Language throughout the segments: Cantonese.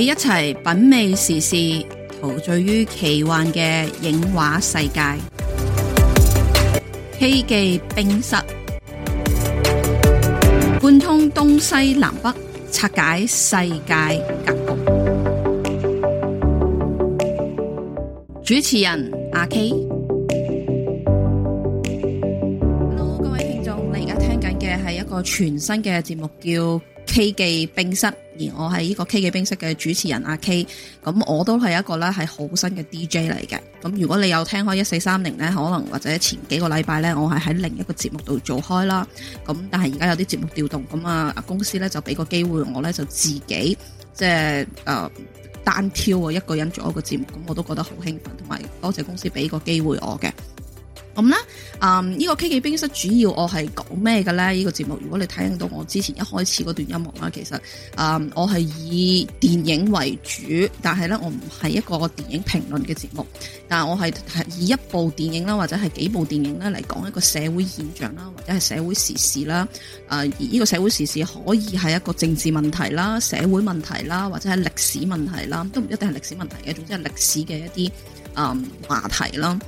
你一齊品味時事，陶醉於奇幻嘅影畫世界。K 記冰室，貫通東西南北，拆解世界格局。主持人阿 K，Hello 各位聽眾，你而家聽緊嘅係一個全新嘅節目，叫 K 記冰室。而我係呢個 K 嘅冰室嘅主持人阿 K，咁我都係一個咧係好新嘅 DJ 嚟嘅。咁如果你有聽開一四三零呢，可能或者前幾個禮拜呢，我係喺另一個節目度做開啦。咁但係而家有啲節目調動，咁啊公司呢就俾個機會我呢就自己即係誒單挑我一個人做一個節目，咁我都覺得好興奮，同埋多謝公司俾個機會我嘅。咁咧，啊、嗯，呢、這個《K 記冰室》主要我係講咩嘅咧？呢、這個節目，如果你睇到我之前一開始嗰段音樂啦，其實啊、嗯，我係以電影為主，但係咧，我唔係一個電影評論嘅節目，但係我係以一部電影啦，或者係幾部電影咧嚟講一個社會現象啦，或者係社會時事啦。啊、呃，而呢個社會時事可以係一個政治問題啦、社會問題啦，或者係歷史問題啦，都唔一定係歷史問題嘅，總之係歷史嘅一啲啊、嗯、話題啦。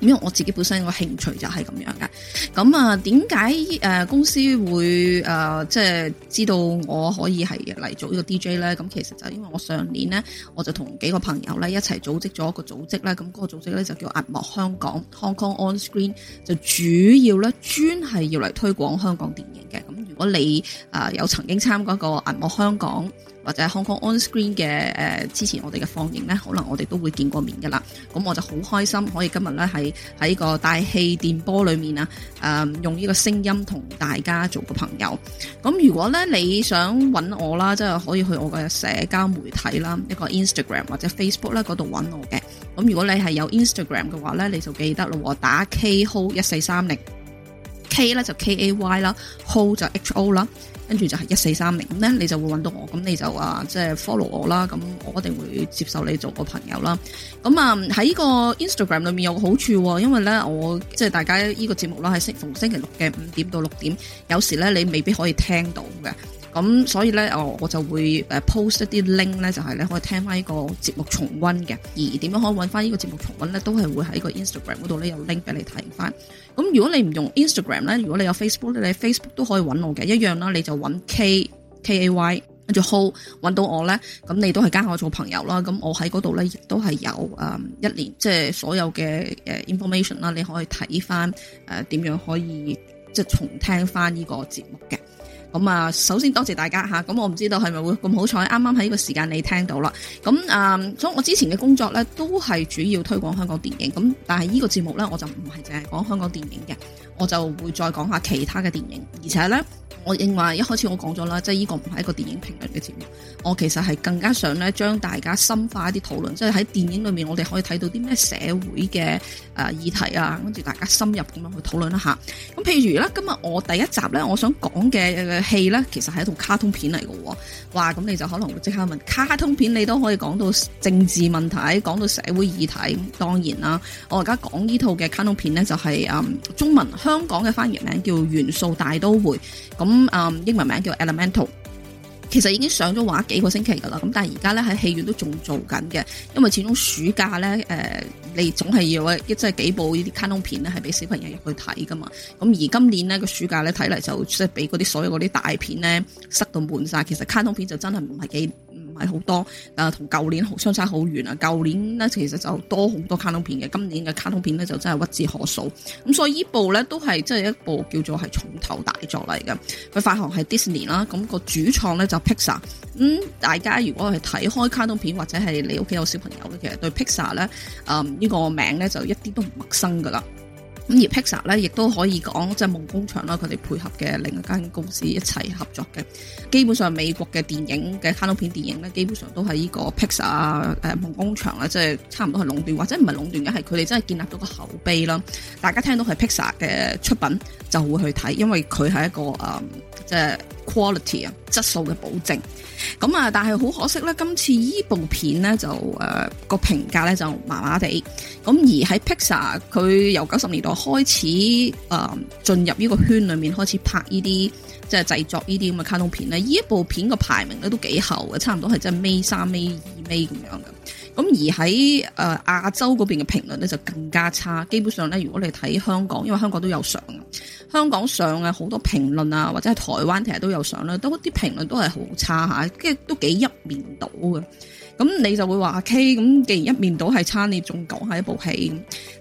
因為我自己本身個興趣就係咁樣嘅，咁啊點解誒公司會誒、呃、即係知道我可以係嚟做呢個 DJ 呢？咁其實就係因為我上年呢，我就同幾個朋友呢一齊組織咗一個組織咧，咁、那、嗰、個那個組織呢，就叫銀幕香港 （Hong Kong On Screen），就主要呢專係要嚟推廣香港電影嘅。咁如果你有曾經參加過銀幕香港，或者 n 香港 on-screen on 嘅、呃、之前我哋嘅放映呢，可能我哋都會見過面嘅啦。咁我就好開心，可以今日呢喺喺個大氣電波裏面啊、呃，用呢個聲音同大家做個朋友。咁如果呢，你想揾我啦，即係可以去我嘅社交媒體啦，一個 Instagram 或者 Facebook 咧，嗰度揾我嘅。咁如果你係有 Instagram 嘅話呢，你就記得咯，打 KHO 一四三零 K 呢就 KAY 啦，HO 就 HO 啦。跟住就係一四三零咁咧，你就會揾到我，咁你就啊，即係 follow 我啦，咁我一定會接受你做個朋友啦。咁啊喺呢個 Instagram 裏面有個好處，因為咧我即係大家呢個節目啦，係逢星期六嘅五點到六點，有時咧你未必可以聽到嘅。咁所以咧，我我就會 post 一啲 link 咧，就係、是、你可以聽翻呢個節目重溫嘅。而點樣可以揾翻呢個節目重溫咧，都係會喺個 Instagram 嗰度咧有 link 俾你睇翻。咁如果你唔用 Instagram 咧，如果你有 Facebook 咧，你 Facebook 都可以揾我嘅一樣啦。你就揾 K K A Y 跟住 Ho 揾到我咧，咁你都係加我做朋友啦。咁我喺嗰度咧亦都係有誒一年，即、就、係、是、所有嘅 information 啦，你可以睇翻誒點樣可以即係、就是、重聽翻呢個節目嘅。咁啊，首先多謝大家吓，咁我唔知道係咪會咁好彩，啱啱喺呢個時間你聽到啦。咁啊，所以我之前嘅工作呢都係主要推廣香港電影，咁但係呢個節目呢，我就唔係淨係講香港電影嘅，我就會再講下其他嘅電影。而且呢，我認為一開始我講咗啦，即係呢個唔係一個電影評論嘅節目，我其實係更加想呢將大家深化一啲討論，即係喺電影裏面我哋可以睇到啲咩社會嘅誒議題啊，跟住大家深入咁樣去討論一下。咁譬如呢，今日我第一集呢，我想講嘅戲咧，其實係一套卡通片嚟嘅，哇！咁你就可能會即刻問，卡通片你都可以講到政治問題，講到社會議題，當然啦。我而家講呢套嘅卡通片呢、就係，就、嗯、係中文香港嘅翻譯名叫《元素大都會》，嗯，咁英文名叫 Elemental。其實已經上咗畫幾個星期㗎啦，咁但係而家咧喺戲院都仲做緊嘅，因為始終暑假咧，誒、呃、你總係要一即係幾部呢啲卡通片咧，係俾小朋友入去睇㗎嘛。咁而今年咧個暑假咧睇嚟就即係俾嗰啲所有嗰啲大片咧塞到滿晒。其實卡通片就真係唔係幾。唔係好多，誒同舊年相差好遠啊！舊年呢，其實就多好多卡通片嘅，今年嘅卡通片呢，就真係屈指可數。咁所以呢部呢，都係即係一部叫做係重頭大作嚟嘅，佢發行係 Disney 啦，咁個主創呢就 Pixar、嗯。咁大家如果係睇開卡通片或者係你屋企有小朋友咧，其實對 Pixar 呢、嗯，誒、這、呢個名呢，就一啲都唔陌生噶啦。咁而 Pixar 咧，亦都可以講即係夢工場啦，佢哋配合嘅另一間公司一齊合作嘅。基本上美國嘅電影嘅卡通片電影咧，基本上都係呢個 Pixar 啊、呃，誒夢工場啊，即係差唔多係壟斷，或者唔係壟斷，嘅，係佢哋真係建立咗個口碑啦。大家聽到係 Pixar 嘅出品就會去睇，因為佢係一個誒、呃、即係。Quality 啊，質素嘅保證。咁啊，但係好可惜咧，今次依部片咧就誒個、呃、評價咧就麻麻地。咁而喺 Pixar，佢由九十年代開始誒、呃、進入呢個圈裏面，開始拍依啲即係製作呢啲咁嘅卡通片咧。依一部片嘅排名咧都幾後嘅，差唔多係即係尾三、尾二、尾咁樣嘅。咁而喺、呃、亞洲嗰邊嘅評論咧就更加差，基本上咧如果你睇香港，因為香港都有上，香港上嘅好多評論啊，或者係台灣其實都有上啦，都啲評論都係好差下，即係都幾一面倒嘅。咁你就會話 K，咁既然一面倒係差，你仲講下一部戲？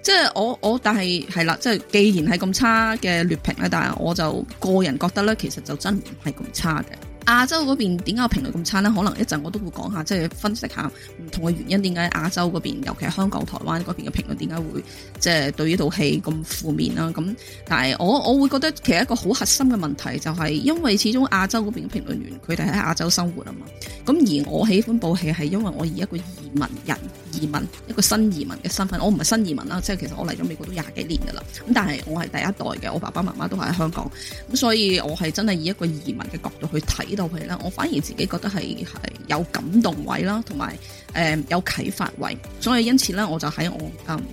即係我我但係係啦，即係既然係咁差嘅劣評咧，但係我就個人覺得咧，其實就真唔係咁差嘅。亞洲嗰邊點解評論咁差呢？可能一陣我都會講下，即係分析下唔同嘅原因，點解亞洲嗰邊，尤其係香港、台灣嗰邊嘅評論點解會即係對呢套戲咁負面啦？咁但係我我會覺得其實一個好核心嘅問題就係因為始終亞洲嗰邊嘅評論員佢哋喺亞洲生活啊嘛，咁而我喜歡部戲係因為我以一個移民人、移民一個新移民嘅身份，我唔係新移民啦，即係其實我嚟咗美國都廿幾年噶啦，咁但係我係第一代嘅，我爸爸媽媽都係喺香港，咁所以我係真係以一個移民嘅角度去睇。係我反而自己覺得係係有感動位啦，同埋誒有啟發位，所以因此咧，我就喺我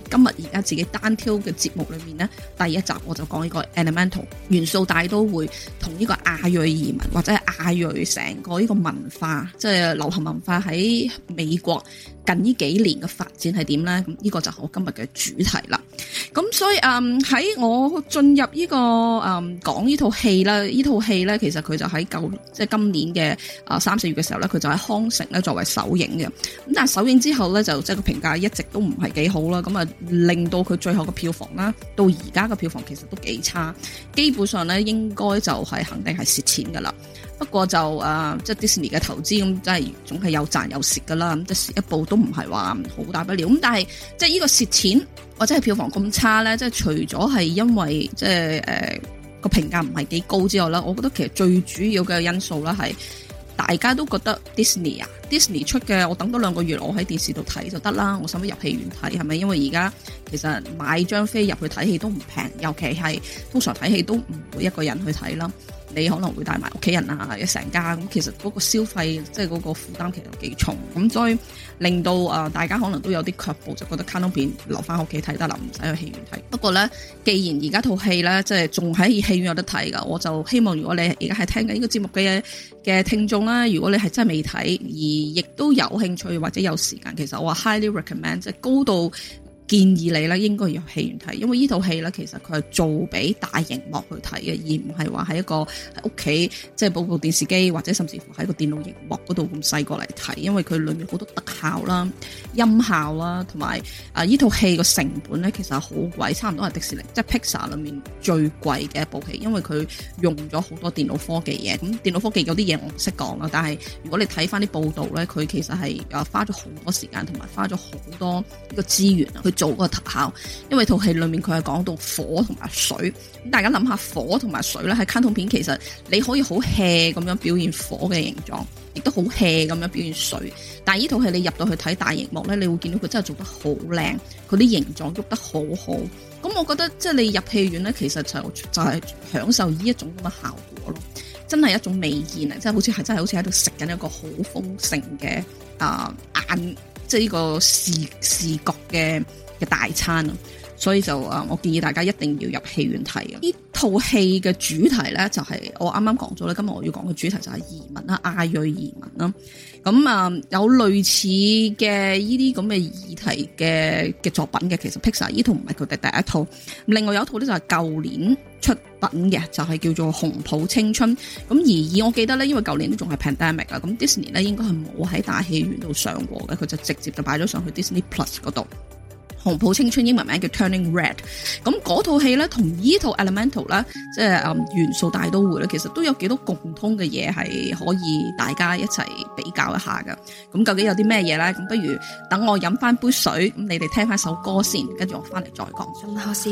今日而家自己單挑嘅節目裏面咧，第一集我就講呢個 Elemental 元素大都會同呢個亞裔移民或者係亞裔成個呢個文化，即係流行文化喺美國。.近呢幾年嘅發展係點咧？咁呢個就係我今日嘅主題啦。咁所以嗯喺我進入、呢個嗯、呢個嗯講呢套戲啦，呢套戲咧其實佢就喺舊即係今年嘅啊三四月嘅時候咧，佢就喺康城咧作為首映嘅。咁但係首映之後咧，就即係個評價一直都唔係幾好啦。咁啊令到佢最後嘅票房啦，到而家嘅票房其實都幾差，基本上咧應該就係肯定係蝕錢噶啦。不過就誒、呃，即係 Disney 嘅投資咁，真係總係有賺有蝕噶啦，咁即係一部都唔係話好大不了。咁但係即係呢個蝕錢或者係票房咁差咧，即係除咗係因為即係誒個評價唔係幾高之外啦，我覺得其實最主要嘅因素啦係大家都覺得 Disney 啊，Disney 出嘅我等多兩個月我喺電視度睇就得啦，我使乜入戲院睇係咪？因為而家其實買張飛入去睇戲都唔平，尤其係通常睇戲都唔會一個人去睇啦。你可能會帶埋屋企人啊，一成家咁，其實嗰個消費即係嗰個負擔其實幾重，咁所以令到啊大家可能都有啲卻步，就覺得卡通片留翻屋企睇得啦，唔使去戲院睇。不過呢，既然而家套戲呢，即係仲喺戲院有得睇㗎，我就希望如果你而家係聽緊呢個節目嘅嘅聽眾啦，如果你係真係未睇而亦都有興趣或者有時間，其實我話 highly recommend 即係高度，建議你咧應該要戲院睇，因為呢套戲咧其實佢係做俾大熒幕去睇嘅，而唔係話喺一個屋企即係部部電視機或者甚至乎喺個電腦熒幕嗰度咁細個嚟睇，因為佢裏面好多特效啦、音效啦，同埋啊依套戲個成本咧其實係好貴，差唔多係迪士尼即係、就是、Pixar 裏面最貴嘅一部戲，因為佢用咗好多電腦科技嘢。咁、嗯、電腦科技有啲嘢我唔識講啦，但係如果你睇翻啲報道咧，佢其實係啊花咗好多時間同埋花咗好多個資源去做個特效，因為套戲裡面佢係講到火同埋水，咁大家諗下火同埋水咧，喺卡通片其實你可以好 hea 咁樣表現火嘅形狀，亦都好 hea 咁樣表現水。但係呢套戲你入到去睇大熒幕咧，你會見到佢真係做得好靚，佢啲形狀喐得好好。咁我覺得即係你入戲院咧，其實就就係、是、享受呢一種咁嘅效果咯，真係一種美宴啊！即係好似係真係好似喺度食緊一個好豐盛嘅啊、呃、眼，即係呢個視視覺嘅嘅大餐啊，所以就啊，我建議大家一定要入戲院睇嘅。呢套戲嘅主題咧，就係、是、我啱啱講咗咧。今日我要講嘅主題就係移民啦，亞裔移民啦。咁啊，有類似嘅依啲咁嘅議題嘅嘅作品嘅，其實 Pixar 依套唔係佢哋第一套，另外有一套咧就係舊年出品嘅，就係、是、叫做《熊抱青春》。咁而以我記得咧，因為舊年都仲係 pandemic 啊，咁 Disney 咧應該係冇喺大戲院度上過嘅，佢就直接就擺咗上去 Disney Plus 嗰度。那裡《熊抱青春》英文名叫 Turning Red，咁嗰套戲咧同依套 Elemental 啦，即係元素大都會咧，其實都有幾多共通嘅嘢係可以大家一齊比較一下㗎。咁究竟有啲咩嘢咧？咁不如等我飲翻杯水，咁你哋聽翻首歌先，跟住我翻嚟再講。何時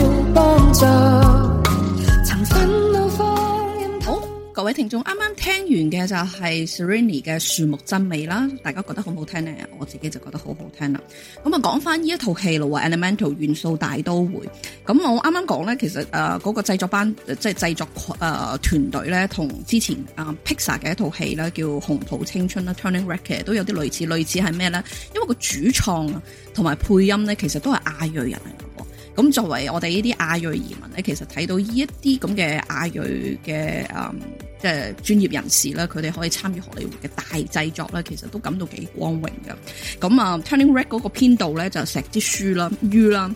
聽眾啱啱聽完嘅就係 Serenity 嘅《樹木真味》啦，大家覺得好唔好聽咧？我自己就覺得好好聽啦。咁啊，講翻呢一套戲《路、Elemental、元素大都會》。咁我啱啱講咧，其實誒嗰、呃那個製作班即係、呃、製作誒團隊咧，同之前 Pixar 嘅一套戲咧叫《紅土青春》啦，《Turning Red》都有啲類似，類似係咩咧？因為個主創同埋配音咧，其實都係亞裔人嚟。咁作為我哋呢啲亞裔移民咧，其實睇到呢一啲咁嘅亞裔嘅誒，即係專業人士啦，佢哋可以參與荷里活嘅大製作咧，其實都感到幾光榮嘅。咁啊，Turning Red 嗰個編導咧就石之予啦、語啦。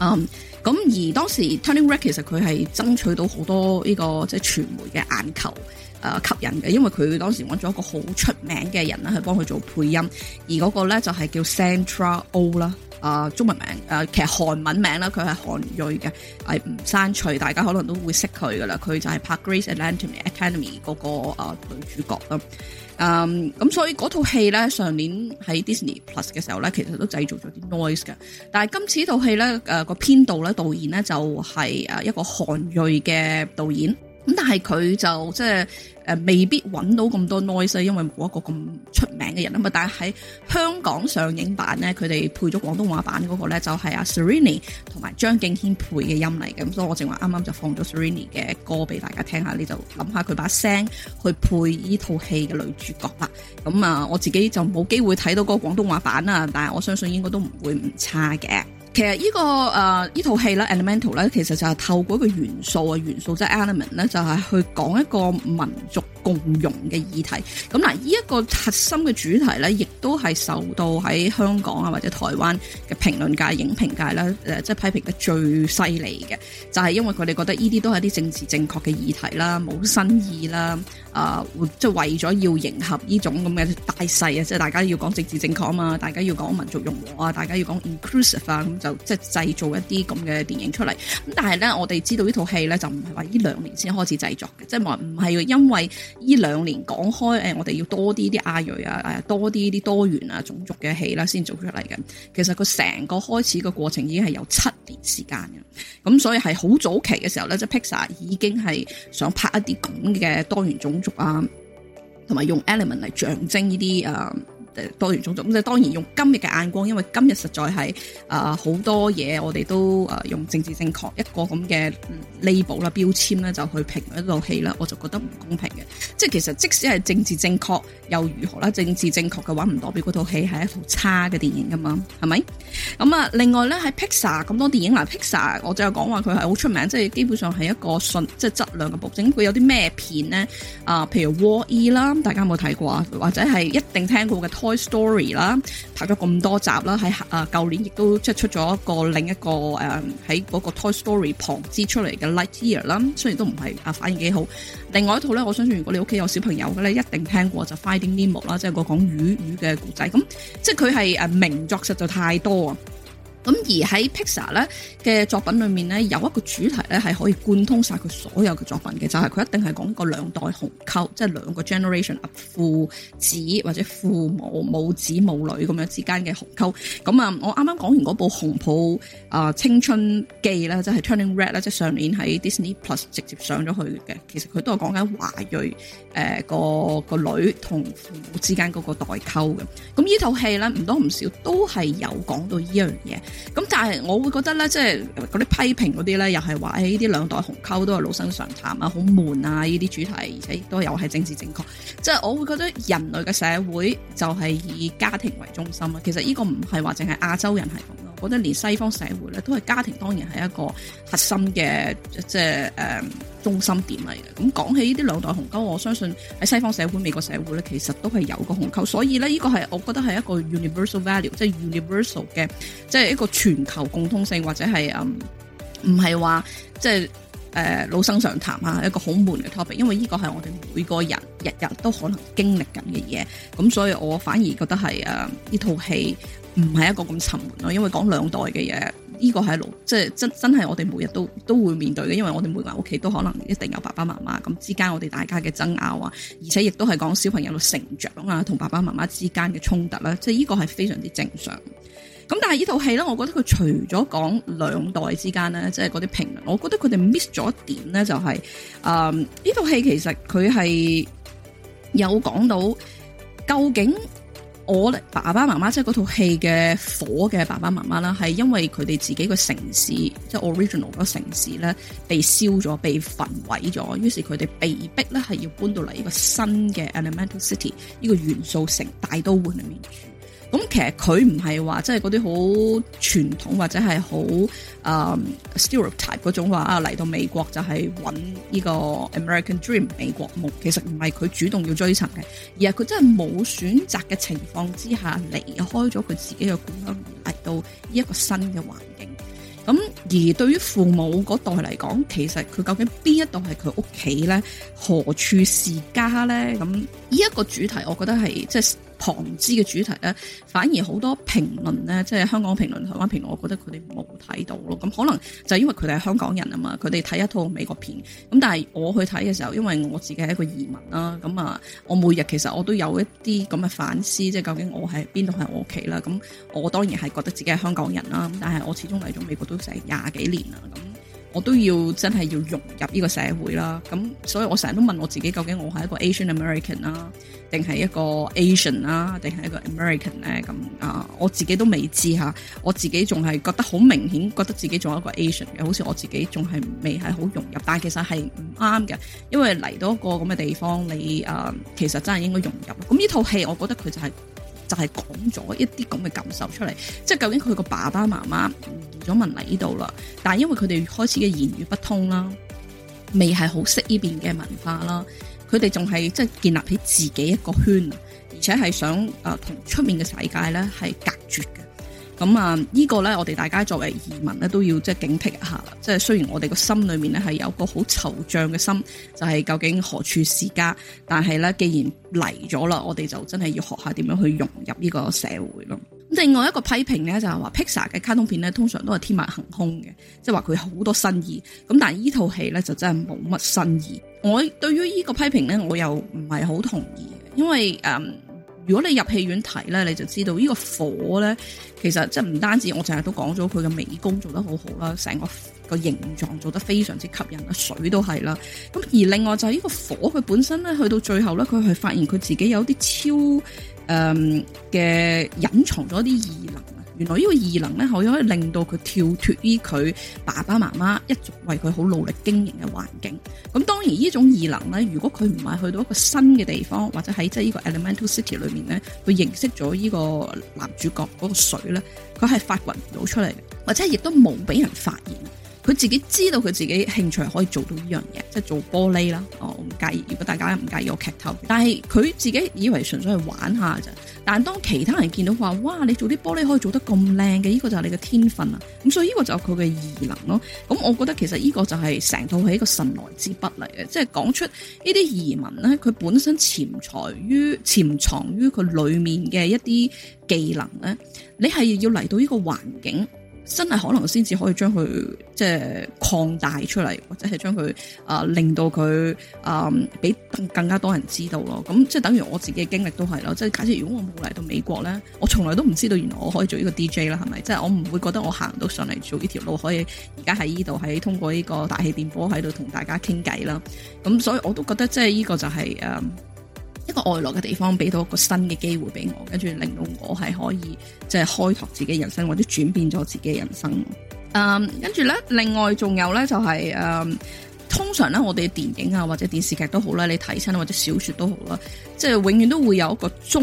嗯，咁而當時 Turning Red 其實佢係爭取到好多呢、這個即係傳媒嘅眼球誒、呃、吸引嘅，因為佢當時揾咗一個好出名嘅人啦去幫佢做配音，而嗰個咧就係、是、叫 Sandra Oh 啦。啊、呃，中文名，啊、呃，其實韓文名啦，佢係韓裔嘅，係吳珊卓，大家可能都會識佢噶啦，佢就係拍 Gr、呃《Grey's Anatomy》嗰個啊女主角咯，咁、呃、所以嗰套戲咧，上年喺 Disney Plus 嘅時候咧，其實都製造咗啲 noise 嘅，但係今次套戲咧，誒個編導咧，導演咧就係、呃、一個韓裔嘅導演，咁但係佢就即係。誒未必揾到咁多 noise，因為冇一個咁出名嘅人啊嘛。但係喺香港上映版咧，佢哋配咗廣東話版嗰個咧，就係阿 Serrini 同埋張敬軒配嘅音嚟嘅。咁所以我正話啱啱就放咗 Serrini 嘅歌俾大家聽一下，呢度，諗下佢把聲去配依套戲嘅女主角啦。咁啊，我自己就冇機會睇到嗰個廣東話版啊，但係我相信應該都唔會唔差嘅。其實呢個誒呢、呃、套戲啦，Elemental 咧，其實就係透過一個元素啊，元素即係 element 咧，就是，imate，就係去講一個民族共融嘅議題，咁嗱，呢一個核心嘅主題呢，亦都係受到喺香港啊或者台灣嘅評論界、影評界啦，誒，即係批評得最犀利嘅，就係因為佢哋覺得呢啲都係啲政治正確嘅議題啦，冇新意啦，啊，呃，即係為咗要迎合呢種咁嘅大勢啊，即係大家要講政治正確啊嘛，大家要講民族融合啊，大家要講 inclusive 啊，咁就即係製造一啲咁嘅電影出嚟。咁但係呢，我哋知道呢套戲呢，就唔係話呢兩年先開始製作嘅，即係話唔係因為。呢兩年講開，誒我哋要多啲啲亞裔啊，誒多啲啲多元啊種族嘅戲啦，先做出嚟嘅。其實佢成個開始嘅過程已經係有七年時間嘅，咁所以係好早期嘅時候咧，即係 Pixar 已經係想拍一啲咁嘅多元種族啊，同埋用 element 嚟象徵呢啲啊。多元種族，咁就當然用今日嘅眼光，因為今日實在係啊好多嘢，我哋都啊用政治正確一個咁嘅 label 啦、標籤咧，就去評一套戲啦，我就覺得唔公平嘅。即係其實即使係政治正確又如何啦？政治正確嘅話唔代表嗰套戲係一套差嘅電影噶嘛？係咪？咁啊，另外咧喺 Pixar 咁多電影嚟，Pixar 我就講話佢係好出名，即係基本上係一個信即係質量嘅保證。佢有啲咩片咧？啊、呃，譬如《War E》啦，大家有冇睇過啊？或者係一定聽過嘅《Toy Story 啦，拍咗咁多集啦，喺啊舊年亦都即係出咗一個另一個誒，喺、嗯、嗰個 Toy Story 旁支出嚟嘅 Lightyear 啦，雖然都唔係啊，反應幾好。另外一套咧，我相信如果你屋企有小朋友嘅咧，一定聽過就 Finding Nemo 啦，即係個講魚魚嘅故仔。咁即係佢係誒名作，實在太多啊！咁而喺 Pixar 咧嘅作品裏面咧，有一個主題咧係可以貫通曬佢所有嘅作品嘅，就係、是、佢一定係講個兩代紅溝，即係兩個 generation 啊父子、或者父母、母子、母女咁樣之間嘅紅溝，咁、嗯、啊，我啱啱講完嗰部《熊抱》啊《青春記》咧，即係 Turning Red 咧，即係上年喺 Disney Plus 直接上咗去嘅。其實佢都係講緊華裔誒個、呃、個女同父母之間嗰個代溝嘅。咁、嗯、呢套戲咧唔多唔少都係有講到呢樣嘢。咁但係我會覺得咧，即係嗰啲批評嗰啲咧，又係話誒，呢啲兩代鴻溝都係老生常談啊，好悶啊，呢啲主題，而且都又係政治正確。即係我會覺得人類嘅社會就係以家庭為中心啊。其實呢個唔係話淨係亞洲人係咁咯，我覺得連西方社會咧都係家庭，當然係一個核心嘅即係誒。呃中心點嚟嘅，咁講起呢啲兩代鴻溝，我相信喺西方社會、美國社會咧，其實都係有個鴻溝，所以咧呢個係我覺得係一個 universal value，即係 universal 嘅，即係一個全球共通性或者係嗯，唔係話即係誒老生常談啊，一個好悶嘅 topic，因為呢個係我哋每個人日日都可能經歷緊嘅嘢，咁所以我反而覺得係誒呢套戲唔係一個咁沉悶咯，因為講兩代嘅嘢。呢個係老，即係真真係我哋每日都都會面對嘅，因為我哋每間屋企都可能一定有爸爸媽媽咁之間，我哋大家嘅爭拗啊，而且亦都係講小朋友嘅成長啊，同爸爸媽媽之間嘅衝突咧，即係呢個係非常之正常的。咁但係呢套戲咧，我覺得佢除咗講兩代之間咧，即係嗰啲評論，我覺得佢哋 miss 咗一點咧，就是，就係啊呢套戲其實佢係有講到究竟。我爸爸媽媽即係套戲嘅火嘅爸爸媽媽啦，係因為佢哋自己個城市即係 original 個城市咧被燒咗、被焚毀咗，於是佢哋被逼咧係要搬到嚟呢個新嘅 Elemental City 呢個元素城大都會裏面住。咁其實佢唔係話即係嗰啲好傳統或者係好誒 stereotype 嗰種，話啊，嚟到美國就係揾呢個 American Dream 美國夢，其實唔係佢主動要追尋嘅，而係佢真係冇選擇嘅情況之下離開咗佢自己嘅故鄉嚟到呢一個新嘅環境。咁而對於父母嗰代嚟講，其實佢究竟邊一度係佢屋企咧？何處是家咧？咁呢一個主題，我覺得係即係，旁支嘅主題咧，反而好多評論咧，即係香港評論、台灣評論，我覺得佢哋冇睇到咯。咁可能就因為佢哋係香港人啊嘛，佢哋睇一套美國片。咁但係我去睇嘅時候，因為我自己係一個移民啦，咁啊，我每日其實我都有一啲咁嘅反思，即係究竟我喺邊度係我屋企啦。咁我當然係覺得自己係香港人啦，但係我始終嚟咗美國都成廿幾年啦。咁我都要真係要融入呢個社會啦，咁所以我成日都問我自己，究竟我係一個 Asian American 啦、啊，定係一個 Asian 啦、啊，定係一個 American 呢？咁啊、呃，我自己都未知下，我自己仲係覺得好明顯，覺得自己仲係一個 Asian，好似我自己仲係未係好融入，但其實係唔啱嘅，因為嚟到一個咁嘅地方，你、呃、其實真係應該融入。咁呢套戲，我覺得佢就係、是。就係講咗一啲咁嘅感受出嚟，即係究竟佢個爸爸媽媽移咗民嚟呢度啦，但係因為佢哋開始嘅言語不通啦，未係好識呢邊嘅文化啦，佢哋仲係即係建立起自己一個圈，而且係想誒同出面嘅世界咧係隔絕嘅。咁啊，呢個呢，我哋大家作為移民呢，都要即係警惕一下啦。即係雖然我哋個心裏面呢，係有個好惆悵嘅心，就係究竟何處是家？但係呢，既然嚟咗啦，我哋就真係要學下點樣去融入呢個社會咯。咁另外一個批評呢，就係話 Pixar 嘅卡通片呢，通常都係天馬行空嘅，即係話佢好多新意。咁但係呢套戲呢，就真係冇乜新意。我對於呢個批評呢，我又唔係好同意，因為誒。嗯如果你入戲院睇咧，你就知道呢個火咧，其實即係唔單止我成日都講咗佢嘅美工做得好好啦，成個個形狀做得非常之吸引啦，水都係啦。咁而另外就係呢個火，佢本身咧，去到最後咧，佢係發現佢自己有啲超誒嘅，隱藏咗啲異能啊。原來呢個異能咧，可以可以令到佢跳脱於佢爸爸媽媽一直為佢好努力經營嘅環境。咁當然呢種異能咧，如果佢唔係去到一個新嘅地方，或者喺即係呢個 Elemental City 裏面咧，佢認識咗呢個男主角嗰個水咧，佢係發掘唔到出嚟，或者亦都冇俾人發現。佢自己知道佢自己興趣可以做到呢樣嘢，即係做玻璃啦。我唔介意，如果大家唔介意，我劇透。但係佢自己以為純粹係玩下嘅啫。但係當其他人見到話，哇！你做啲玻璃可以做得咁靚嘅，呢個就係你嘅天分啊。咁所以呢個就係佢嘅異能咯。咁我覺得其實呢個就係成套係一個神來之筆嚟嘅，即係講出呢啲移民咧，佢本身潛才於潛藏於佢裡面嘅一啲技能咧，你係要嚟到呢個環境。真係可能先至可以將佢即係擴大出嚟，或者係將佢啊令到佢啊畀更更加多人知道咯。咁、嗯、即係等於我自己嘅經歷都係咯。即係假設如果我冇嚟到美國咧，我從來都唔知道原來我可以做呢個 DJ 啦，係咪？即係我唔會覺得我行到上嚟做呢條路，可以而家喺呢度喺通過呢個大氣電波喺度同大家傾偈啦。咁、嗯、所以我都覺得即係呢個就係、是、誒。嗯一個外來嘅地方，俾到一個新嘅機會俾我，跟住令到我係可以即係開拓自己人生，或者轉變咗自己的人生。嗯，跟住咧，另外仲有咧，就係、是、誒、嗯，通常咧我哋電影啊，或者電視劇都好啦，你睇親或者小說都好啦，即係永遠都會有一個中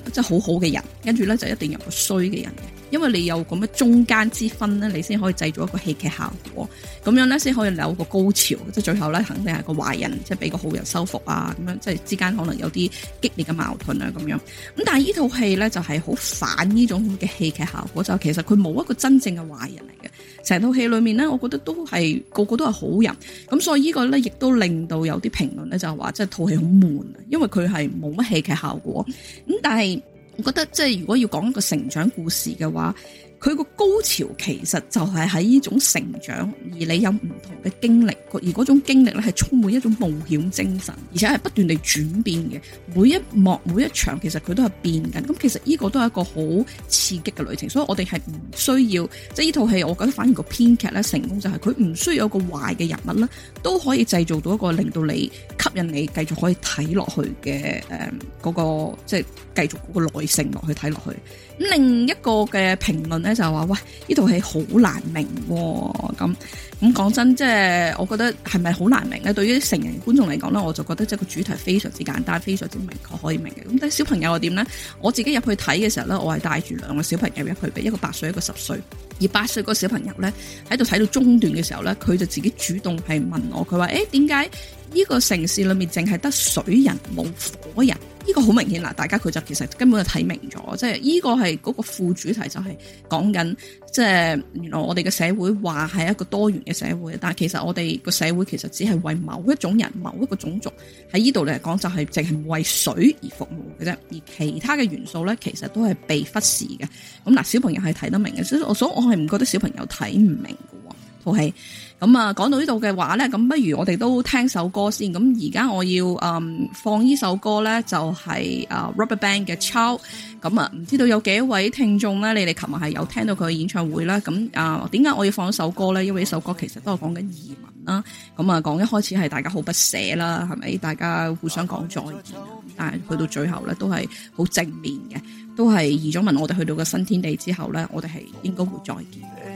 即係好好嘅人，跟住咧就一定有個衰嘅人。因為你有咁嘅中間之分咧，你先可以製造一個戲劇效果，咁樣咧先可以有個高潮。即係最後咧，肯定係個壞人，即係俾個好人收服啊，咁樣即係之間可能有啲激烈嘅矛盾啊，咁樣。咁但係依套戲咧就係好反呢種咁嘅戲劇效果，就是、其實佢冇一個真正嘅壞人嚟嘅。成套戲裡面咧，我覺得都係個個都係好人。咁所以這個呢個咧，亦都令到有啲評論咧就係話，即係套戲好悶，因為佢係冇乜戲劇效果。咁但係。我覺得即係如果要講一個成長故事嘅話。佢個高潮其實就係喺呢種成長，而你有唔同嘅經歷，而嗰種經歷咧係充滿一種冒險精神，而且係不斷地轉變嘅。每一幕每一場其實佢都係變緊，其實佢都係變緊。咁其實呢個都係一個好刺激嘅旅程。所以我哋係唔需要即係呢套戲，我覺得反而個編劇咧成功就係佢唔需要有個壞嘅人物啦，都可以製造到一個令到你吸引你繼續可以睇落去嘅誒，嗰、嗯嗰個即係繼續嗰個耐性落去睇落去。咁另一個嘅評論咧就係話：喂，呢套戲好難明。咁咁講真，即係我覺得係咪好難明咧？對於成人觀眾嚟講咧，我就覺得即係個主題非常之簡單，非常之明確可以明嘅。咁但係小朋友又點咧？我自己入去睇嘅時候咧，我係帶住兩個小朋友入去嘅，一個八歲，一個十歲。而八歲個小朋友呢，喺度睇到中段嘅時候呢，佢就自己主動係問我，佢話：誒、欸，點解呢個城市裏面淨係得水人冇火人？呢個好明顯啦，大家佢就其實根本就睇明咗，即係呢個係嗰個副主題就係講緊。即係原來我哋嘅社會話係一個多元嘅社會，但係其實我哋個社會其實只係為某一種人、某一個種族喺呢度嚟講，就係淨係為水而服務嘅啫，而其他嘅元素咧，其實都係被忽視嘅。咁嗱，小朋友係睇得明嘅，所以我所以我係唔覺得小朋友睇唔明。係咁啊，講到呢度嘅話咧，咁不如我哋都聽一首歌先。咁而家我要誒放呢首歌咧，就係誒 RubberBand 嘅《Ciao》。咁啊，唔知道有幾位聽眾咧，你哋琴日係有聽到佢嘅演唱會啦。咁啊，點解我要放呢首歌咧？因為呢首歌其實都係講緊移民啦。咁啊，講一開始係大家好不捨啦，係咪？大家互相講再見，但係去到最後咧，都係好正面嘅，都係移咗民，我哋去到個新天地之後咧，我哋係應該會再見嘅。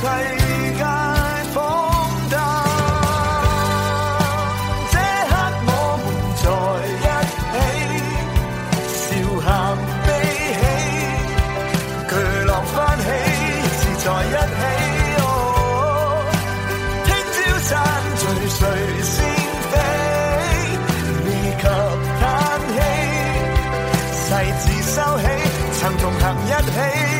世界荒誕，這刻我們在一起，笑喊悲喜，巨浪翻起是在一起。哦，聽朝散聚，餐誰先飛？未及嘆氣，世事收起，曾同行一起。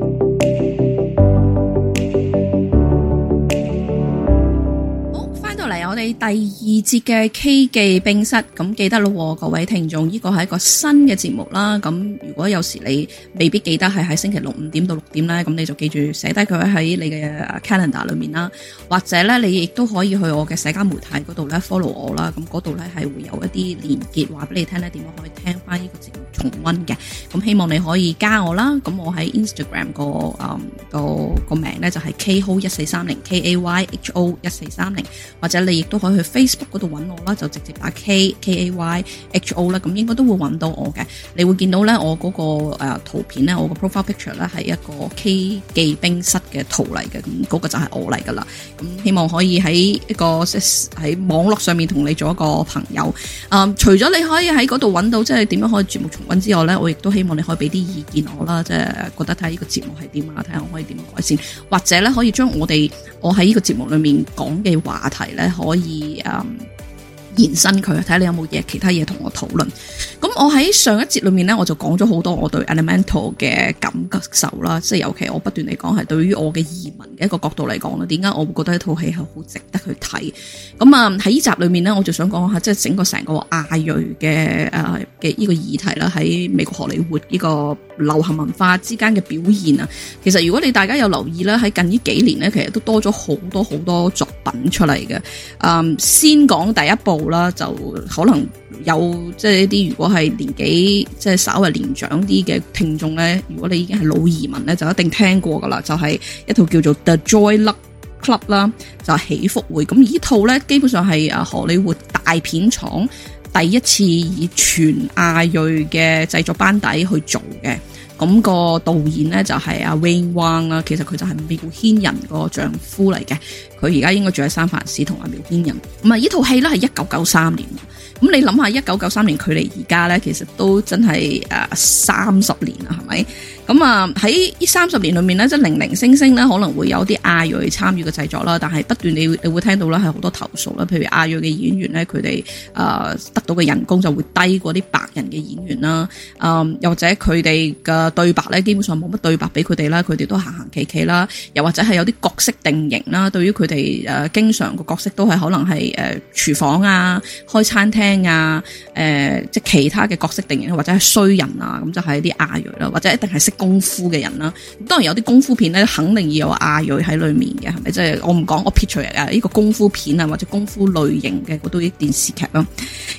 節嘅 K 記冰室，咁記得咯，各位聽眾，呢個係一個新嘅節目啦，咁。如果有時你未必記得係喺星期六五點到六點咧，咁你就記住寫低佢喺你嘅 calendar 裏面啦，或者咧你亦都可以去我嘅社交媒體度咧 follow 我啦，咁度咧係會有一啲連結話俾你聽咧，點樣可以聽翻呢個節目重温嘅。咁希望你可以加我啦，咁我喺 Instagram 個誒個、嗯個名咧就係 kho 一四三零 k a y h o 一四三零，或者你亦都可以去 Facebook 度揾我啦，就直接打 k k a y h o 啦，咁應該都會揾到我嘅。你會見到咧我、個。個誒圖片咧，我個 profile picture 咧係一個 K 記冰室嘅圖嚟嘅，咁、那、嗰個就係我嚟噶啦。咁希望可以喺一個喺網絡上面同你做一個朋友。誒、嗯，除咗你可以喺嗰度揾到，即係點樣可以節目重溫之外咧，我亦都希望你可以俾啲意見我啦，即係覺得睇下呢個節目係點啊，睇下我可以點改善，或者咧可以將我哋我喺呢個節目裏面講嘅話題咧可以誒。嗯延伸佢，睇你有冇嘢其他嘢同我討論。咁我喺上一節裏面咧，我就講咗好多我對 Elemental 嘅感覺受啦，即係尤其我不斷嚟講，係對於我嘅移民嘅一個角度嚟講啦，點解我會覺得一套戲係好值得去睇？咁啊喺呢集裏面咧，我就想講下即係、就是、整個成個亞裔嘅誒嘅呢個議題啦，喺美國荷里活呢個流行文化之間嘅表現啊。其實如果你大家有留意啦，喺近呢幾年咧，其實都多咗好多好多作品出嚟嘅。嗯，先講第一部。啦，就可能有即係、就是、一啲，如果係年紀即係稍為年長啲嘅聽眾呢。如果你已經係老移民呢，就一定聽過噶啦，就係、是、一套叫做 The Joy Luck Club 啦，就《喜福會》。咁呢套呢，基本上係啊，荷里活大片廠第一次以全亞裔嘅製作班底去做嘅。咁個導演咧就係、是、阿 Wayne Wang 啦，其實佢就係繆騫人個丈夫嚟嘅，佢而家應該住喺三藩市同阿繆騫人。咁啊，呢套戲咧係一九九三年，咁你諗下一九九三年距離而家咧其實都真係誒三十年啦，係咪？咁啊，喺呢三十年裏面咧，即零零星星咧可能會有啲亞裔參與嘅製作啦，但係不斷你你會聽到啦，係好多投訴啦，譬如亞裔嘅演員咧，佢哋誒得到嘅人工就會低過啲白人嘅演員啦，嗯、呃，又或者佢哋嘅對白咧，基本上冇乜對白俾佢哋啦，佢哋都行行企企啦，又或者係有啲角色定型啦，對於佢哋誒經常個角色都係可能係誒廚房啊、開餐廳啊、誒、呃、即其他嘅角色定型或者係衰人啊，咁就係啲亞裔啦，或者一定係功夫嘅人啦，當然有啲功夫片咧，肯定要有亞裔喺裏面嘅，係咪？即係我唔講我 picture 啊，呢、這個功夫片啊或者功夫類型嘅嗰啲電視劇咯。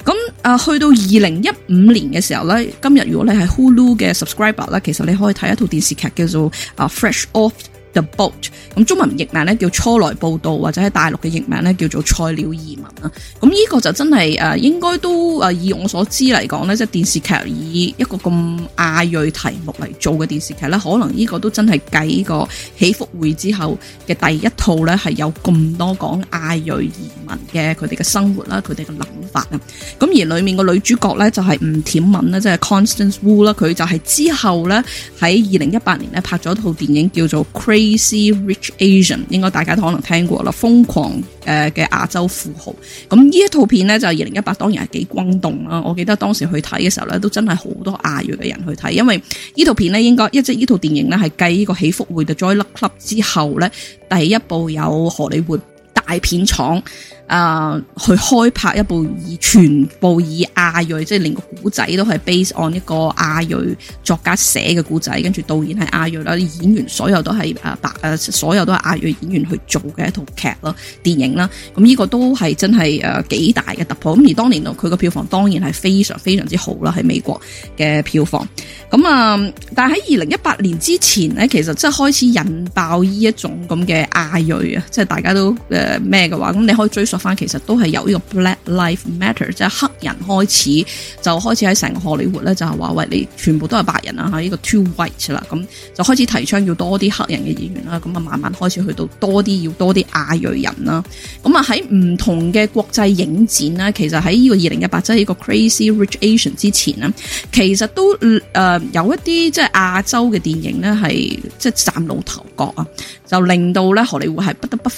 咁啊，去到二零一五年嘅時候咧，今日如果你係 Hulu 嘅 subscriber 啦，其實你可以睇一套電視劇叫做《Fresh Off》。The Boat，咁中文譯名咧叫初來報到，或者喺大陸嘅譯名咧叫做菜鳥移民啊。咁、這、呢個就真係誒，應該都誒以我所知嚟講咧，即係電視劇以一個咁亞裔題目嚟做嘅電視劇咧，可能呢個都真係計呢個喜福會之後嘅第一套咧，係有咁多講亞裔移民嘅佢哋嘅生活啦，佢哋嘅諗法啊。咁而裡面個女主角咧就係吳恬敏啦，即、就、係、是、Constance Wu 啦，佢就係之後咧喺二零一八年咧拍咗一套電影叫做 Crazy Rich Asian，應該大家都可能聽過啦，瘋狂誒嘅亞洲富豪。咁呢一套片呢，就二零一八，當然係幾轟動啦。我記得當時去睇嘅時候呢，都真係好多亞裔嘅人去睇，因為呢套片呢應該一只呢套電影呢係繼呢個《喜福會嘅 Joy Luck Club》之後呢，第一部有荷里活大片廠。誒、呃，去開拍一部以全部以亞裔，即係連個古仔都係 based on 一個亞裔作家寫嘅古仔，跟住導演係亞裔啦，演員所有都係誒白誒，所有都係亞裔演員去做嘅一套劇咯，電影啦，咁呢個都係真係誒、呃、幾大嘅突破。咁而當年佢個票房當然係非常非常之好啦，喺美國嘅票房。咁啊、呃，但係喺二零一八年之前呢，其實即係開始引爆呢一種咁嘅亞裔啊，即係大家都誒咩嘅話，咁你可以追。作翻，其實都係由呢個 Black Lives Matter，即係黑人開始，就開始喺成個荷里活咧，就係話喂，你全部都係白人啊！嚇、這個，呢個 Too White 啦，咁就開始提倡要多啲黑人嘅演員啦。咁、嗯、啊，慢慢開始去到多啲，要多啲亞裔人啦。咁、嗯、啊，喺唔同嘅國際影展咧，其實喺呢個二零一八即係呢個 Crazy Rich Asian 之前呢，其實都、呃、有一啲即係亞洲嘅電影咧，係即係嶄露頭角啊，就令到咧荷里活係不得不。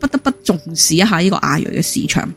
不得不重視一下呢個亞裔嘅市場。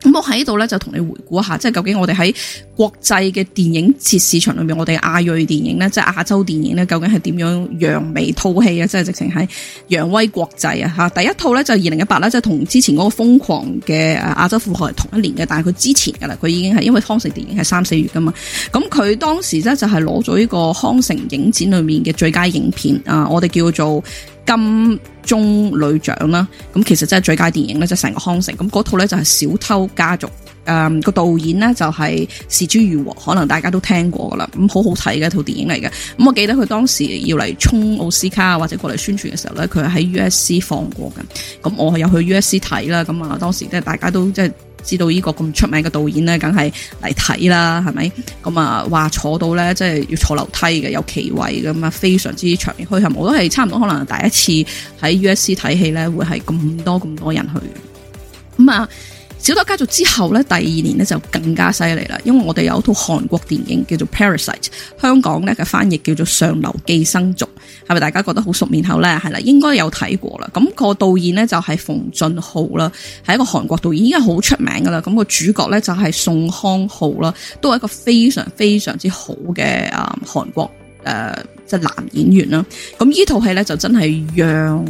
咁我喺度咧就同你回顧一下，即係究竟我哋喺國際嘅電影節市場裏面，我哋亞裔電影咧，即係亞洲電影咧，究竟係點樣揚眉吐氣啊？即係直情係揚威國際啊！吓，第一套咧就係二零一八啦，即係同之前嗰個瘋狂嘅亞洲富豪係同一年嘅，但係佢之前噶啦，佢已經係因為康城電影係三四月噶嘛，咁佢當時咧就係攞咗呢個康城影展裏面嘅最佳影片啊，我哋叫做金。中女獎啦，咁其實即係最佳電影咧，就係、是、成個康城咁嗰套咧就係《小偷家族》，嗯，誒個導演咧就係是枝裕和，可能大家都聽過噶啦，咁好好睇嘅一套電影嚟嘅。咁我記得佢當時要嚟沖奧斯卡或者過嚟宣傳嘅時候咧，佢係喺 U S C 放過嘅，咁我係有去 U S C 睇啦，咁啊當時即係大家都即係。知道呢個咁出名嘅導演咧，梗係嚟睇啦，係咪？咁啊，話坐到咧，即係要坐樓梯嘅，有企位咁啊，非常之長人墟冚。我都係差唔多，可能第一次喺 USC 睇戲咧，會係咁多咁多人去，咁、嗯、啊。小偷家族之後咧，第二年咧就更加犀利啦，因為我哋有一套韓國電影叫做《Parasite》，香港咧嘅翻譯叫做《上流寄生族》，係咪大家覺得好熟面口咧？係啦，應該有睇過啦。咁、那個導演咧就係奉俊昊啦，係一個韓國導演，已經好出名噶啦。咁、那個主角咧就係宋康昊啦，都係一個非常非常之好嘅啊韓國誒即男演員啦。咁依套戲咧就真係讓。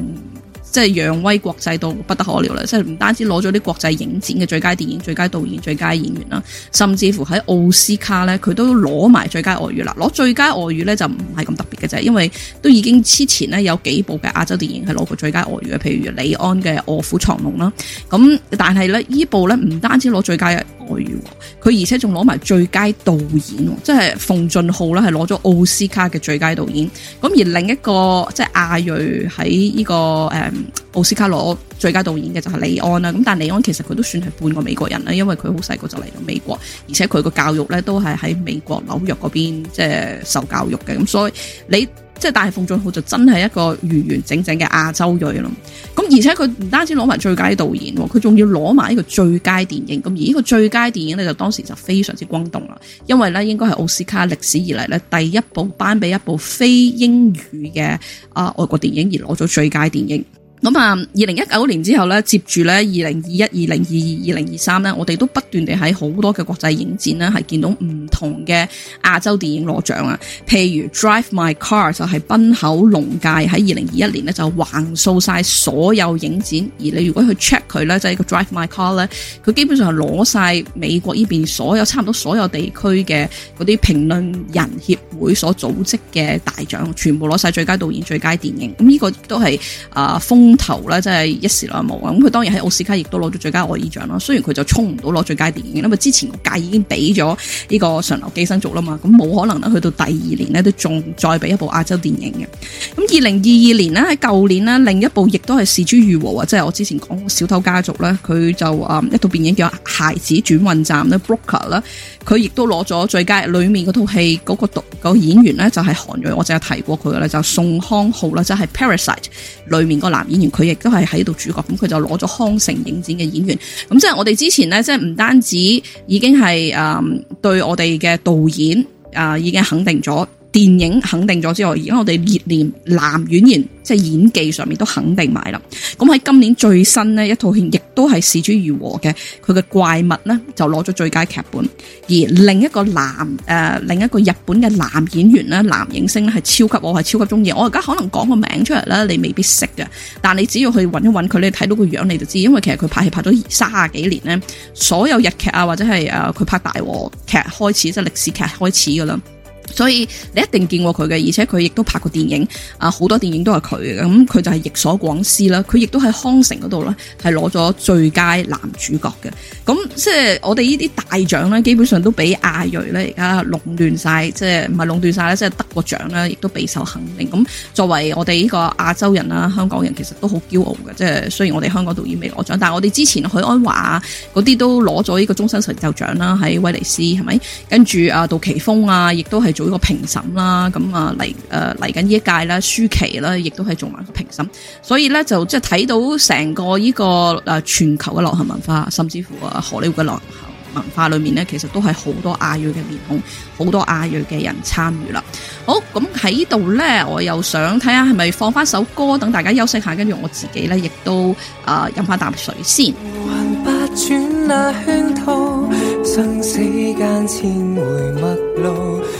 即係揚威國際到不得可了啦，即係唔單止攞咗啲國際影展嘅最佳電影、最佳導演、最佳演員啦，甚至乎喺奧斯卡咧，佢都攞埋最佳外語啦。攞最佳外語咧就唔係咁特別嘅啫，因為都已經之前咧有幾部嘅亞洲電影係攞過最佳外語嘅，譬如李安嘅《臥虎藏龍》啦。咁但係咧呢部咧唔單止攞最佳外語。佢而且仲攞埋最佳導演，即係奉俊昊啦，係攞咗奧斯卡嘅最佳導演。咁而另一個即係亞裔喺呢個誒奧斯卡攞最佳導演嘅就係李安啦。咁但係李安其實佢都算係半個美國人啦，因為佢好細個就嚟到美國，而且佢個教育咧都係喺美國紐約嗰邊即係受教育嘅。咁所以你。即係，但係奉俊昊就真係一個完完整整嘅亞洲裔咯。咁而且佢唔單止攞埋最佳導演，佢仲要攞埋呢個最佳電影。咁而呢個最佳電影咧，就當時就非常之轟動啦。因為咧，應該係奧斯卡歷史以嚟咧第一部頒俾一部非英語嘅啊外國電影而攞咗最佳電影。咁啊，二零一九年之後咧，接住咧，二零二一、二零二二、二零二三咧，我哋都不斷地喺好多嘅國際影展咧，係見到唔同嘅亞洲電影攞獎啊。譬如《Drive My Car》就係濱口龍介，喺二零二一年咧就橫掃晒所有影展。而你如果去 check 佢咧，即係個《Drive My Car》咧，佢基本上係攞晒美國呢邊所有差唔多所有地區嘅嗰啲評論人協會所組織嘅大獎，全部攞晒最佳導演、最佳電影。咁呢個都係啊風頭咧真係一時兩無啊！咁佢當然喺奧斯卡亦都攞咗最佳外語獎咯。雖然佢就衝唔到攞最佳電影，因為之前屆已經俾咗呢個《上流寄生族》啦嘛，咁冇可能啦。去到第二年咧，都仲再俾一部亞洲電影嘅。咁二零二二年呢，喺舊年呢，另一部亦都係是枝裕和」。啊，即係我之前講《小偷家族》咧，佢就誒一套電影叫《孩子轉運站》咧，《Broker》啦，佢亦都攞咗最佳。裏面嗰套戲嗰個獨個演員咧就係韓瑞，我淨係提過佢啦，就是，宋康昊啦，即，就，係，是《Parasite》裏面個男。演然後佢亦都係喺度主角，咁佢就攞咗康城影展嘅演員，咁即係我哋之前呢，即係唔單止已經係誒、嗯、對我哋嘅導演、嗯、已經肯定咗。電影肯定咗之外，而家我哋熱練男演員即係演技上面都肯定埋啦。咁喺今年最新呢一套戲，亦都係是枝裕和嘅，佢嘅怪物呢，就攞咗最佳劇本。而另一個男誒、呃、另一個日本嘅男演員呢，男影星呢，係超級我係超級中意。我而家可能講個名出嚟呢，你未必識嘅。但你只要去揾一揾佢，你睇到個樣你就知，因為其實佢拍戲拍咗三十幾年呢，所有日劇啊或者係佢拍大和劇開始即係歷史劇開始噶啦。所以你一定見過佢嘅，而且佢亦都拍過電影啊，好多電影都係佢嘅。咁佢就係役所廣司啦，佢亦都喺康城嗰度啦，係攞咗最佳男主角嘅。咁即係我哋呢啲大獎咧，基本上都俾亞裔咧而家壟斷晒，即係唔係壟斷晒咧，即係得個獎啦，亦都備受肯定。咁作為我哋呢個亞洲人啦，香港人其實都好驕傲嘅。即係雖然我哋香港導演未攞獎，但係我哋之前許鞍華嗰啲都攞咗呢個終身成就獎啦，喺威尼斯係咪？跟住啊，杜琪峰啊，亦都係。做一個評審啦，咁啊嚟誒嚟緊呢一屆啦，舒淇啦，亦都係做埋個評審，所以咧就即係睇到成個呢個誒全球嘅流行文化，甚至乎啊荷里活嘅流行文化裏面咧，其實都係好多亞裔嘅面孔，好多亞裔嘅人參與啦。好，咁喺度咧，我又想睇下係咪放翻首歌，等大家休息下，跟住我自己咧，亦都誒飲翻啖水先。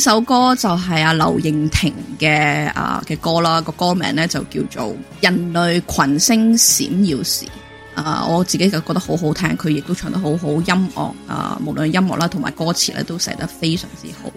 首歌就係阿劉穎婷嘅啊嘅歌啦，個歌名呢，就叫做《人類群星閃耀時》啊，我自己就覺得好好聽，佢亦都唱得好好，音樂啊，無論音樂啦，同埋歌詞咧都寫得非常之好。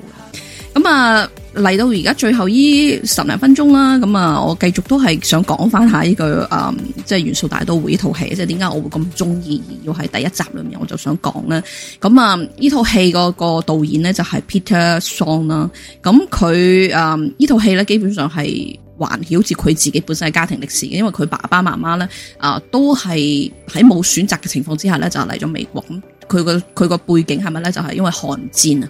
咁啊，嚟到而家最後依十零分鐘啦，咁啊，我繼續都係想講翻下呢個，誒、呃，即係元素大都會呢套戲，即係點解我會咁中意，而要喺第一集裏面我就想講咧。咁啊，呢套戲嗰個導演咧就係 Peter Song 啦。咁佢誒呢套戲咧基本上係環繞住佢自己本身嘅家庭歷史，因為佢爸爸媽媽咧啊都係喺冇選擇嘅情況之下咧就嚟咗美國。佢個佢個背景係咪咧？就係、是、因為韓戰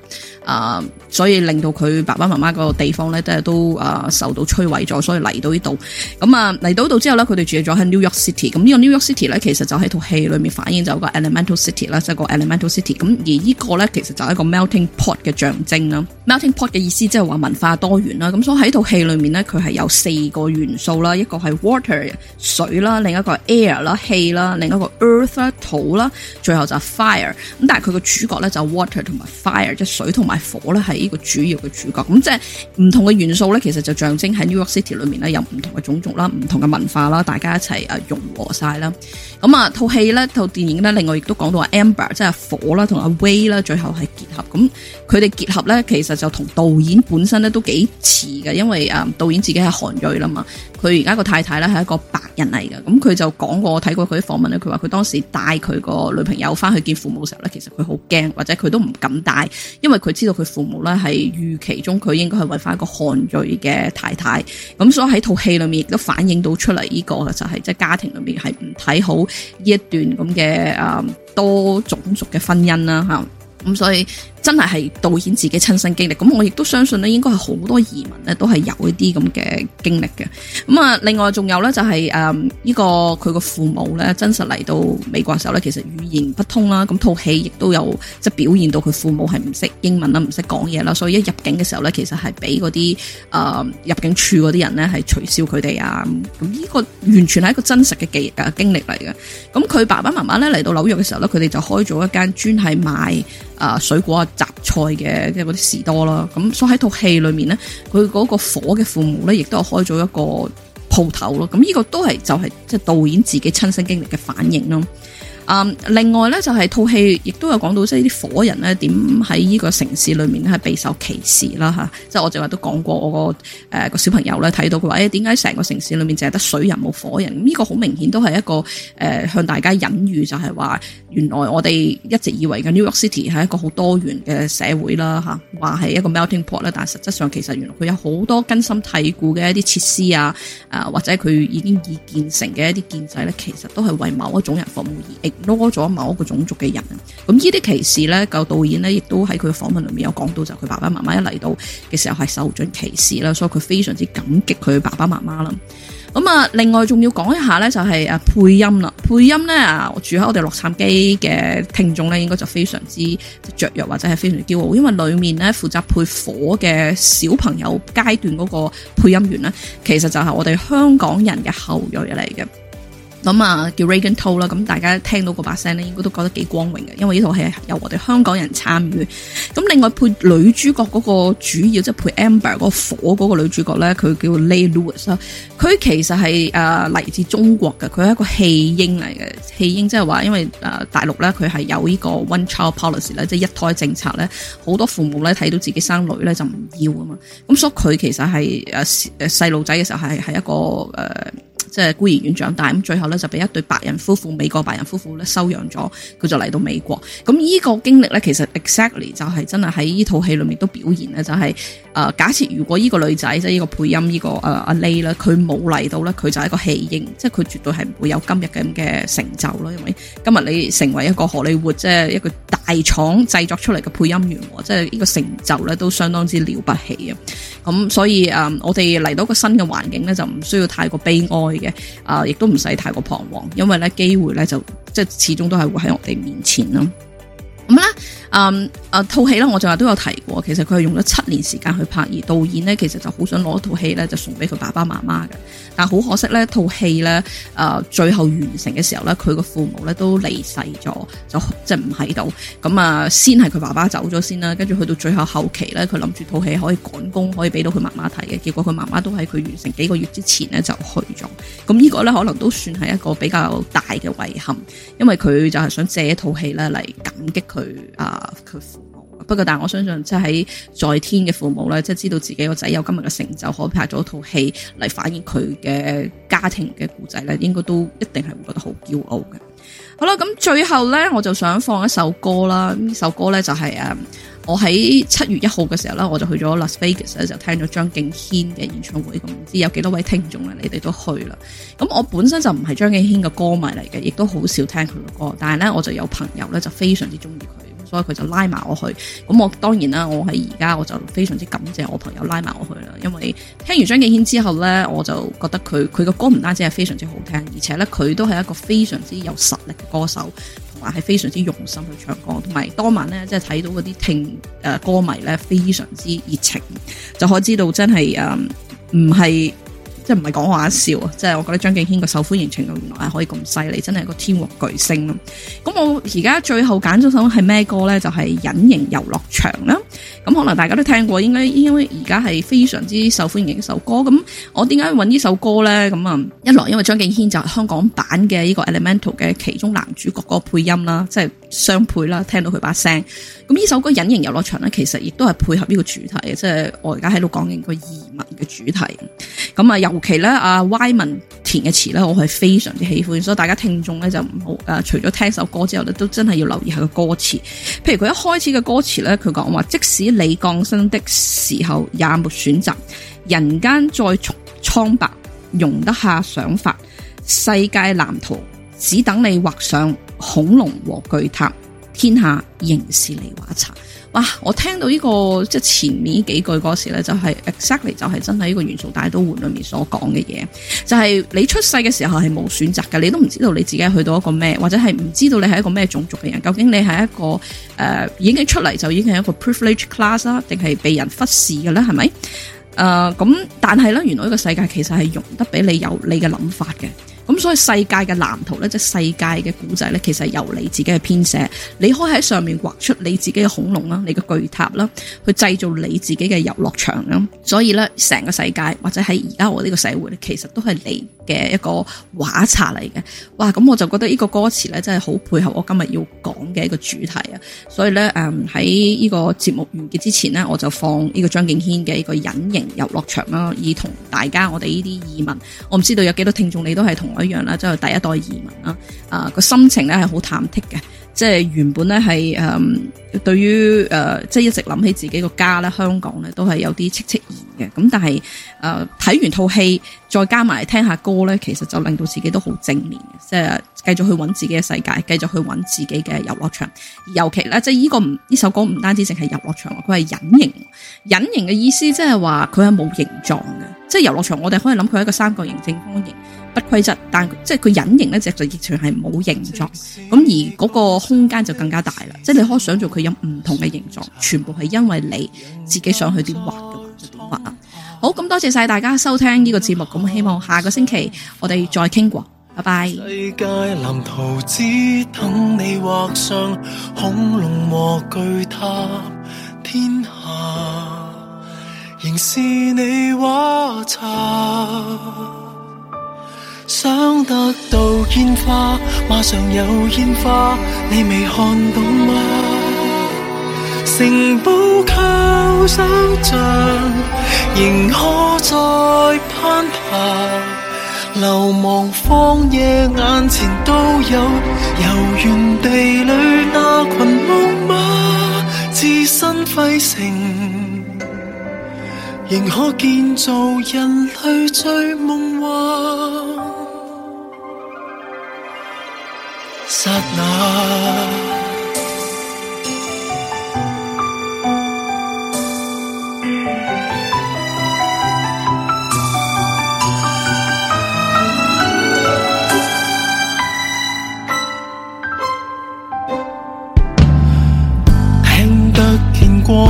啊、呃，所以令到佢爸爸媽媽個地方咧，都係都啊受到摧毀咗，所以嚟到呢度。咁、嗯、啊嚟到呢度之後咧，佢哋住咗喺 New York City。咁、嗯、呢、這個 New York City 咧，其實就喺套戲裏面反映個、Elemental、City, 就個 Elemental City 啦、嗯，即係個 Elemental City。咁而呢個咧，其實就係一個 melting pot 嘅象徵啦。melting pot 嘅意思即係話文化多元啦。咁、嗯、所以喺套戲裏面咧，佢係有四個元素啦，一個係 water 水啦，另一個 air 啦氣啦，另一個 earth 土啦，最後就係 fire。咁但係佢個主角咧就 water 同埋 fire，即係水同埋火咧，係呢個主要嘅主角。咁即係唔同嘅元素咧，其實就象徵喺 New York City 裏面咧有唔同嘅種族啦、唔同嘅文化啦，大家一齊啊融合晒啦。咁啊套戲咧套電影咧，另外亦都講到 Ember 即係火啦，同阿 Wade 啦，最後係結合。咁佢哋結合咧，其實就同導演本身咧都幾似嘅，因為啊導演自己係韓裔啦嘛，佢而家個太太咧係一個白人嚟嘅。咁佢就講過，我睇過佢啲訪問咧，佢話佢當時帶佢個女朋友翻去見父母。冇時候咧，其實佢好驚，或者佢都唔敢帶，因為佢知道佢父母咧係預期中，佢應該係揾翻一個漢裔嘅太太。咁所以喺套戲裏面亦都反映到出嚟，這個，呢個就係即係家庭裏面係唔睇好呢一段咁嘅誒多種族嘅婚姻啦吓。咁所以。真係係導演自己親身經歷，咁我亦都相信咧，應該係好多移民咧都係有呢啲咁嘅經歷嘅。咁啊，另外仲有咧就係誒呢個佢個父母咧真實嚟到美國嘅時候咧，其實語言不通啦，咁套戲亦都有即係表現到佢父母係唔識英文啦，唔識講嘢啦，所以一入境嘅時候咧，其實係俾嗰啲誒入境處嗰啲人咧係取消佢哋啊。咁、這、呢個完全係一個真實嘅記憶經歷嚟嘅。咁佢爸爸媽媽咧嚟到紐約嘅時候咧，佢哋就開咗一間專係賣誒水果，雜菜嘅，即係嗰啲士多啦。咁所以喺套戲裏面咧，佢嗰個火嘅父母咧，亦都係開咗一個鋪頭咯。咁呢個都係就係即係導演自己親身經歷嘅反應咯。啊、嗯！另外咧，就係套戲亦都有講到，即係啲火人咧點喺呢個城市裏面咧係備受歧視啦嚇，即係我就話都講過我，我、呃、個小朋友咧睇到佢話：誒點解成個城市裏面淨係得水人冇火人？呢、嗯，呢個好明顯都係一個、呃、向大家隱喻就係話，就係話原來我哋一直以為嘅 New York City 係一個好多元嘅社會啦嚇，話、啊、係一個 melting pot 咧，但係實質上其實原來佢有好多根深蒂固嘅一啲設施啊，啊或者佢已經已建成嘅一啲建制咧，其實都係為某一種人服務而已。多咗某一個種族嘅人，咁呢啲歧視呢，舊導演呢，亦都喺佢嘅訪問裏面有講到，就佢爸爸媽媽一嚟到嘅時候係受盡歧視啦，所以佢非常之感激佢爸爸媽媽啦。咁啊，另外仲要講一下呢，就係、是、啊配音啦，配音呢，啊住喺我哋洛杉磯嘅聽眾呢，應該就非常之雀躍或者係非常之驕傲，因為裏面呢，負責配火嘅小朋友階段嗰個配音員呢，其實就係我哋香港人嘅後裔嚟嘅。咁啊，叫 Reagan To 啦，咁大家聽到嗰把聲咧，應該都覺得幾光榮嘅，因為呢套戲係由我哋香港人參與。咁另外配女主角嗰個主要即係配 Amber 嗰個火嗰個女主角咧，佢叫 Lay Lewis 啦。佢其實係誒嚟自中國嘅，佢係一個棄嬰嚟嘅，棄嬰即係話因為誒、呃、大陸咧，佢係有呢個 one child policy 咧，即係一胎政策咧，好多父母咧睇到自己生女咧就唔要啊嘛。咁所以佢其實係誒誒細路仔嘅時候係係一個誒。呃即係孤兒院長大，咁最後咧就俾一對白人夫婦，美國白人夫婦咧收養咗，佢就嚟到美國。咁呢個經歷咧，其實 exactly 就係真係喺呢套戲裏面都表現咧，就係、是。誒、呃，假設如果呢個女仔即係呢個配音呢、這個誒、呃、阿 l a y 啦，佢冇嚟到咧，佢就一個棄嬰，即係佢絕對係唔會有今日咁嘅成就啦。因為今日你成為一個荷里活即係一個大廠製作出嚟嘅配音員，即係呢個成就咧都相當之了不起啊。咁、嗯、所以誒、呃，我哋嚟到個個新嘅環境咧，就唔需要太過悲哀嘅，啊、呃，亦都唔使太過彷徨，因為咧機會咧就即係始終都係會喺我哋面前咯。咁咧，嗯，誒、啊，套戲咧，我就話都有提過，其實佢係用咗七年時間去拍，而導演咧，其實就好想攞一套戲咧，就送俾佢爸爸媽媽嘅。但好可惜咧，套戲咧，誒、呃，最後完成嘅時候咧，佢個父母咧都離世咗，就即係唔喺度。咁、就是、啊，先係佢爸爸走咗先啦，跟住去到最後後期咧，佢諗住套戲可以趕工，可以俾到佢媽媽睇嘅。結果佢媽媽都喺佢完成幾個月之前咧就去咗。咁呢個咧，可能都算係一個比較大嘅遺憾，因為佢就係想借一套戲咧嚟感激。佢啊，佢父母。不過，但係我相信，即係喺在，在天嘅父母咧，即係知道自己個仔有今日嘅成就，可以拍咗套戲嚟反映佢嘅家庭嘅故仔咧，應該都一定係會覺得好驕傲嘅。好啦，咁最後咧，我就想放一首歌啦。呢首歌咧就係、是、誒。嗯我喺七月一號嘅時候呢，我就去咗 Las Vegas，就聽咗張敬軒嘅演唱會。咁唔知有幾多位聽眾咧，你哋都去啦。咁我本身就唔係張敬軒嘅歌迷嚟嘅，亦都好少聽佢嘅歌。但係咧，我就有朋友咧就非常之中意佢，所以佢就拉埋我去。咁我當然啦，我喺而家我就非常之感謝我朋友拉埋我去啦。因為聽完張敬軒之後咧，我就覺得佢佢嘅歌唔單止係非常之好聽，而且咧佢都係一個非常之有實力嘅歌手。係非常之用心去唱歌，同埋當晚呢，即係睇到嗰啲聽歌迷呢，非常之熱情，就可以知道真係誒唔係。即係唔係講玩笑啊！即係我覺得張敬軒個受歡迎程度原來係可以咁犀利，真係個天王巨星咯。咁我而家最後揀咗首係咩歌咧？就係《隱形遊樂場》啦。咁可能大家都聽過，應該應該而家係非常之受歡迎嘅一首歌。咁我點解揾呢首歌咧？咁啊，一來因為張敬軒就係香港版嘅呢個 Elemental 嘅其中男主角個配音啦，即係相配啦，聽到佢把聲。咁呢首歌《隱形遊樂場》咧，其實亦都係配合呢個主題嘅，即係我而家喺度講緊個文嘅主題，咁啊，尤其咧，阿 Wyman 填嘅詞咧，我係非常之喜歡，所以大家聽眾咧就唔好誒、除咗聽首歌之後咧，都真係要留意下個歌詞。譬如佢一開始嘅歌詞咧，佢講話，即使你降生的時候也冇選擇，人間再蒼白，容得下想法，世界藍圖只等你畫上恐龍和巨塔，天下仍是你畫殘。哇！我聽到呢、這個即係前面幾句嗰時咧，就係、是、exactly 就係真係呢個元素大都會裏面所講嘅嘢，就係、是、你出世嘅時候係冇選擇嘅，你都唔知道你自己去到一個咩，或者係唔知道你係一個咩種族嘅人，究竟你係一個誒、呃、已經出嚟就已經係一個 privileged class 啦，定係被人忽視嘅咧？係咪？誒、呃、咁，但係咧，原來呢個世界其實係容得俾你有你嘅諗法嘅。咁所以世界嘅藍圖咧，即係世界嘅古仔咧，其實由你自己去編寫。你可以喺上面畫出你自己嘅恐龍啦，你嘅巨塔啦，去製造你自己嘅遊樂場啦。所以咧，成個世界或者喺而家我呢個社會咧，其實都係你嘅一個畫冊嚟嘅。哇！咁我就覺得呢個歌詞咧，真係好配合我今日要講嘅一個主題啊。所以咧，誒喺呢個節目完結之前咧，我就放呢個張敬軒嘅《一個隱形遊樂場》啦，以同大家我哋呢啲移民，我唔知道有幾多聽眾你都係同。一樣啦，即係第一代移民啦，啊，個心情咧係好忐忑嘅，即係原本咧係誒對於誒即係一直諗起自己個家咧，香港咧都係有啲戚戚然嘅，咁但係。誒，睇、呃、完套戲，再加埋聽下歌咧，其實就令到自己都好正面嘅，即係繼續去揾自己嘅世界，繼續去揾自己嘅遊樂場。尤其咧，即係呢個唔呢首歌唔單止淨係遊樂場，佢係隱形。隱形嘅意思即係話佢係冇形狀嘅，即係遊樂場我哋可以諗佢係一個三角形、正方形、不規則，但即係佢隱形呢隻就就完全係冇形狀。咁而嗰個空間就更加大啦，即係你可以想像佢有唔同嘅形狀，全部係因為你自己想去點畫嘅話就點畫啦。好，咁多謝晒大家收聽呢個節目，咁希望下個星期我哋再傾過，拜拜。世界藍圖只等你畫上恐龍和巨塔，天下仍是你畫冊，想得到煙花馬上有煙花，你未看到嗎？城堡靠想像，仍可再攀爬。流亡荒野眼前都有，遊園地裏那群木馬，置身廢城，仍可建造人類最夢幻。剎那。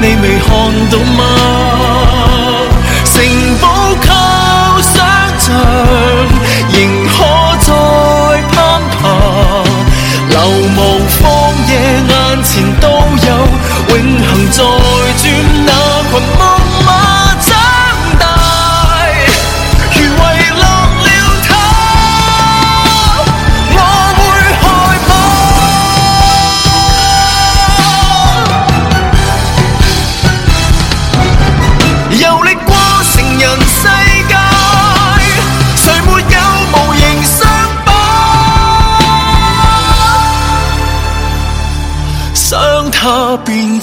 你未看到嗎？